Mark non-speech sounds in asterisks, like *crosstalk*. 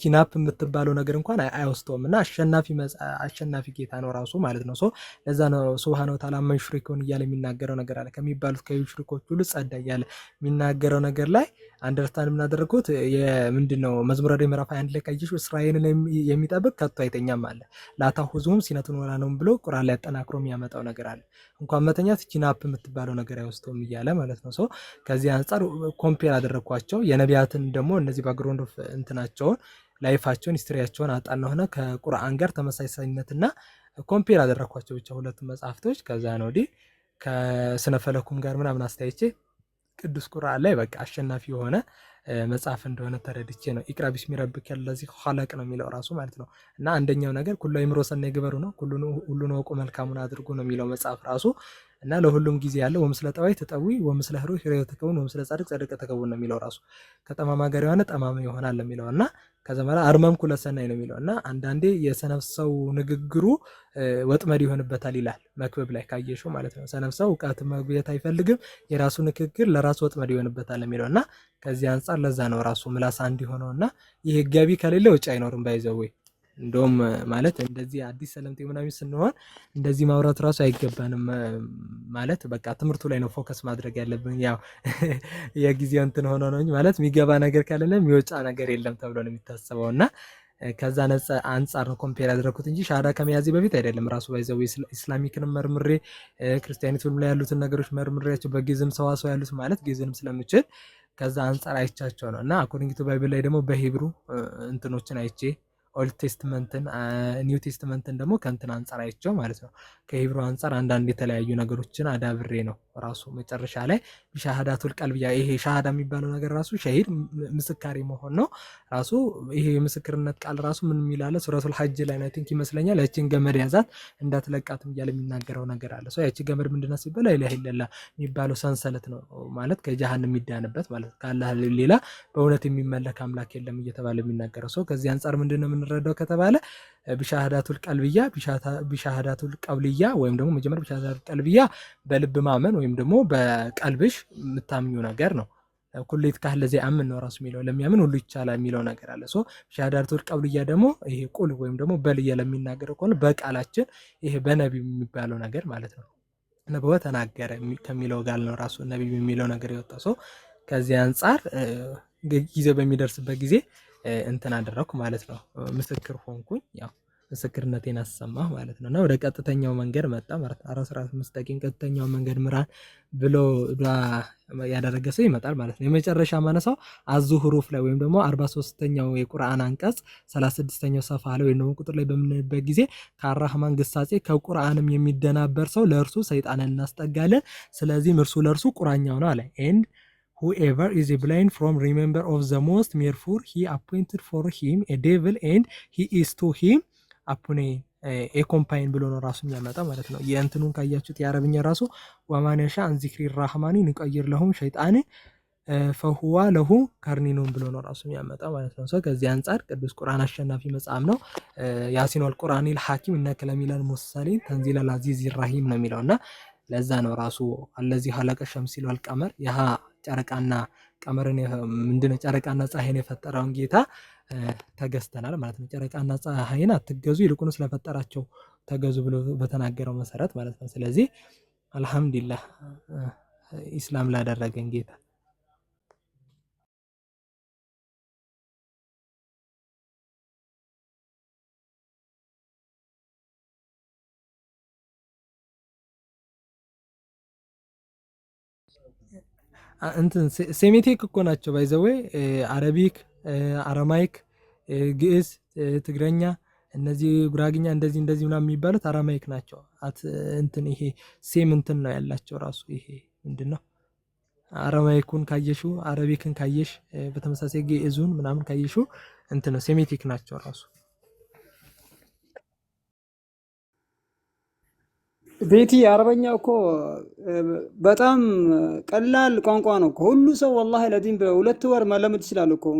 ኪናፕ የምትባለው ነገር እንኳን አይወስደውም እና አሸናፊ ጌታ ነው ራሱ ማለት ነው። ለዛ ነው ስብሃነ ወተዓላ መሽሪኮን እያለ የሚናገረው ነገር አለ ከሚባሉት ከሽሪኮች ሁሉ ጸዳ እያለ የሚናገረው ነገር ላይ አንደርስታንድ የምናደርጉት ምንድን ነው? መዝሙረ ዳዊት ምዕራፍ አንድ ላይ ካየሽው እስራኤልን የሚጠብቅ ከቶ አይተኛም አለ። ላታሁዙሁም ሲነቱን ወላ ነው ብሎ ቁራን ላይ አጠናክሮ የሚያመጣው ነገር አለ። እንኳን መተኛት ኪናፕ የምትባለው ነገር አይወስደውም እያለ ማለት ነው። ከዚህ አንጻር ኮምፔር አደረግኳቸው የነቢያትን ደግሞ እነዚህ ባግሮንዶፍ እንትናቸውን ላይፋቸውን ሂስትሪያቸውን ሆነ ከቁርአን ጋር ተመሳሳይነትና ኮምፔር አደረኳቸው ብቻ ሁለቱም መጽሐፍቶች። ከዛ ነው ወዲህ ከስነፈለኩም ፈለኩም ጋር ምናምን አስተያይቼ ቅዱስ ቁርአን ላይ በቃ አሸናፊ የሆነ መጽሐፍ እንደሆነ ተረድቼ ነው። ኢቅራ ቢስሚ ረብክ ለዚ ኸለቅ ነው የሚለው ራሱ ማለት ነው። እና አንደኛው ነገር ኩሉ አእምሮ ሰናይ ግበሩ ነው። ሁሉን እወቁ መልካሙን አድርጉ ነው የሚለው መጽሐፍ ራሱ እና ለሁሉም ጊዜ ያለው ወምስለ ጠዋይ ተጠዊ ወምስለ ህሩይ ህሩይ ተከውን ወምስለ ጻድቅ ጻድቅ ተከውን ነው የሚለው ራሱ ከጠማማ ጋር የሆነ ጠማማ ይሆናል ነው የሚለው እና ከዛ መራ አርመም ኩለ ሰናይ ነው የሚለው እና አንዳንዴ ሰው ንግግሩ ወጥመድ ይሆንበታል ይላል መክብብ ላይ ካየሹ ማለት ነው። ሰነፍ ሰው እውቀት መግቢያት አይፈልግም የራሱ ንግግር ለራሱ ወጥመድ ይሆንበታል የሚለው እና ከዚህ አንጻር ለዛ ነው ራሱ ምላስ አንድ የሆነው እና ይህ ህጋቢ ከሌለ ውጭ አይኖርም ባይዘው እንደውም ማለት እንደዚህ አዲስ ሰለምቴ ምናምን ስንሆን እንደዚህ ማውራት ራሱ አይገባንም። ማለት በቃ ትምህርቱ ላይ ነው ፎከስ ማድረግ ያለብን። ያው *laughs* የጊዜው እንትን ሆኖ ነው ማለት የሚገባ ነገር ካለለ የሚወጣ ነገር የለም ተብሎ ነው የሚታሰበው እና ከዛ ነጻ አንጻር ነው ኮምፔር ያደረግኩት እንጂ ሻዳ ከመያዜ በፊት አይደለም። ራሱ ባይዘው ኢስላሚክንም መርምሬ ክርስቲያኒቱም ላይ ያሉትን ነገሮች መርምሬያቸው በጌዝም ሰዋሰው ያሉት ማለት ጊዝንም ስለምችል ከዛ አንጻር አይቻቸው ነው እና አኮርዲንግ ቱ ባይብል ላይ ደግሞ በሂብሩ እንትኖችን አይቼ ኦልድ ቴስትመንትን ኒው ቴስትመንትን ደግሞ ከእንትን አንጻር አይቸው ማለት ነው ከሂብሮ አንጻር አንዳንድ የተለያዩ ነገሮችን አዳብሬ ነው ራሱ መጨረሻ ላይ ሻሃዳቱል ቀልብ ይሄ ሻሃዳ የሚባለው ነገር ራሱ ሸሂድ ምስካሪ መሆን ነው ራሱ ይሄ የምስክርነት ቃል ራሱ ምን የሚላለ ሱረቱል ሐጅ ላይ ነው ቲንክ ይመስለኛል ያችን ገመድ ያዛት እንዳትለቃትም እያለ የሚናገረው ነገር አለ ያችን ገመድ ምንድነ ሲባል ኢላህ ይለላ የሚባለው ሰንሰለት ነው ማለት ከጃሃን የሚዳንበት ማለት ከአላህ ሌላ በእውነት የሚመለክ አምላክ የለም እየተባለ የሚናገረው ሰው ከዚህ አንጻር ምንድነው የምንረዳው ከተባለ ቢሻህዳቱል ቀልብያ ቢሻህዳቱል ቀብልያ ወይም ደግሞ መጀመሪያ ቢሻህዳቱል ቀልብያ በልብ ማመን ወይም ደግሞ በቀልብሽ የምታምኙ ነገር ነው። ኩሌት ካህል ለዚ አምን ነው ራሱ የሚለው ለሚያምን ሁሉ ይቻላል የሚለው ነገር አለ። ሶ ሻሃዳቱል ቀብልያ ደግሞ ይሄ ቁል ወይም ደግሞ በልየ ለሚናገረው ከሆነ በቃላችን ይሄ በነቢ የሚባለው ነገር ማለት ነው። ነብወ ተናገረ ከሚለው ጋር ነው ራሱ ነቢ የሚለው ነገር የወጣ ሰው። ከዚህ አንጻር ጊዜው በሚደርስበት ጊዜ እንትን አደረኩ ማለት ነው። ምስክር ሆንኩኝ ያው ምስክርነቴን አሰማሁ ማለት ነው። እና ወደ ቀጥተኛው መንገድ መጣ ማለት አስራ አምስት ደቂቃ ቀጥተኛው መንገድ ምራን ብሎ ዱዓ ያደረገ ሰው ይመጣል ማለት ነው። የመጨረሻ ማነሳው አዙ ሁሩፍ ላይ ወይም ደግሞ አርባ ሶስተኛው የቁርአን አንቀጽ ሰላሳ ስድስተኛው ሰፋ ላይ ወይም ደግሞ ቁጥር ላይ በምንበት ጊዜ ከአራህማን ግሳጼ ከቁርአንም የሚደናበር ሰው ለእርሱ ሰይጣንን እናስጠጋለን፣ ስለዚህም እርሱ ለእርሱ ቁራኛው ነው አለ ኤንድ Whoever is blind from remember of the most merciful, he appointed for him a devil and he is to him አፑኔ ኤኮምፓይን ብሎ ነው ራሱ የሚያመጣው ማለት ነው። የእንትኑን ካያችሁት የአረብኛ ራሱ ወማነሻ አንዚክሪ ራህማኒ ንቀይር ለሁም ሸይጣን ፈሁዋ ለሁ ከርኒኑን ብሎ ነው ራሱ የሚያመጣው ማለት ነው። ከዚህ አንጻር ቅዱስ ቁርአን አሸናፊ መጽሐፍ ነው። ያሲኖል ቁርአኒል ሐኪም እና ከለሚላል ሙሳሊን ተንዚላል አዚዝ ራሂም ነው የሚለው እና ለዛ ነው ራሱ አለዚህ ሀለቀ ሸምሲሏል ቀመር ጨረቃና ቀመርን ምንድነው ጨረቃና ፀሐይን የፈጠረውን ጌታ ተገዝተናል ማለት ነው። ጨረቃና ፀሐይን አትገዙ ይልቁን ስለፈጠራቸው ተገዙ ብሎ በተናገረው መሰረት ማለት ነው። ስለዚህ አልሐምዱሊላህ ኢስላም ላደረገን ጌታ እንትን ሴሜቲክ እኮ ናቸው ባይዘዌ አረቢክ፣ አረማይክ፣ ግዕዝ፣ ትግረኛ እነዚህ ጉራግኛ እንደዚህ እንደዚህ ምናምን የሚባሉት አራማይክ ናቸው። እንትን ይሄ ሴም እንትን ነው ያላቸው ራሱ ይሄ ምንድን ነው አረማይኩን ካየሹ አረቢክን ካየሽ በተመሳሳይ ግዕዙን ምናምን ካየሹ እንትን ነው ሴሜቲክ ናቸው ራሱ። ቤቲ አረበኛ እኮ በጣም ቀላል ቋንቋ ነው። ሁሉ ሰው ወላሂ ለዚህም በሁለት ወር መለመድ ይችላል እኮ።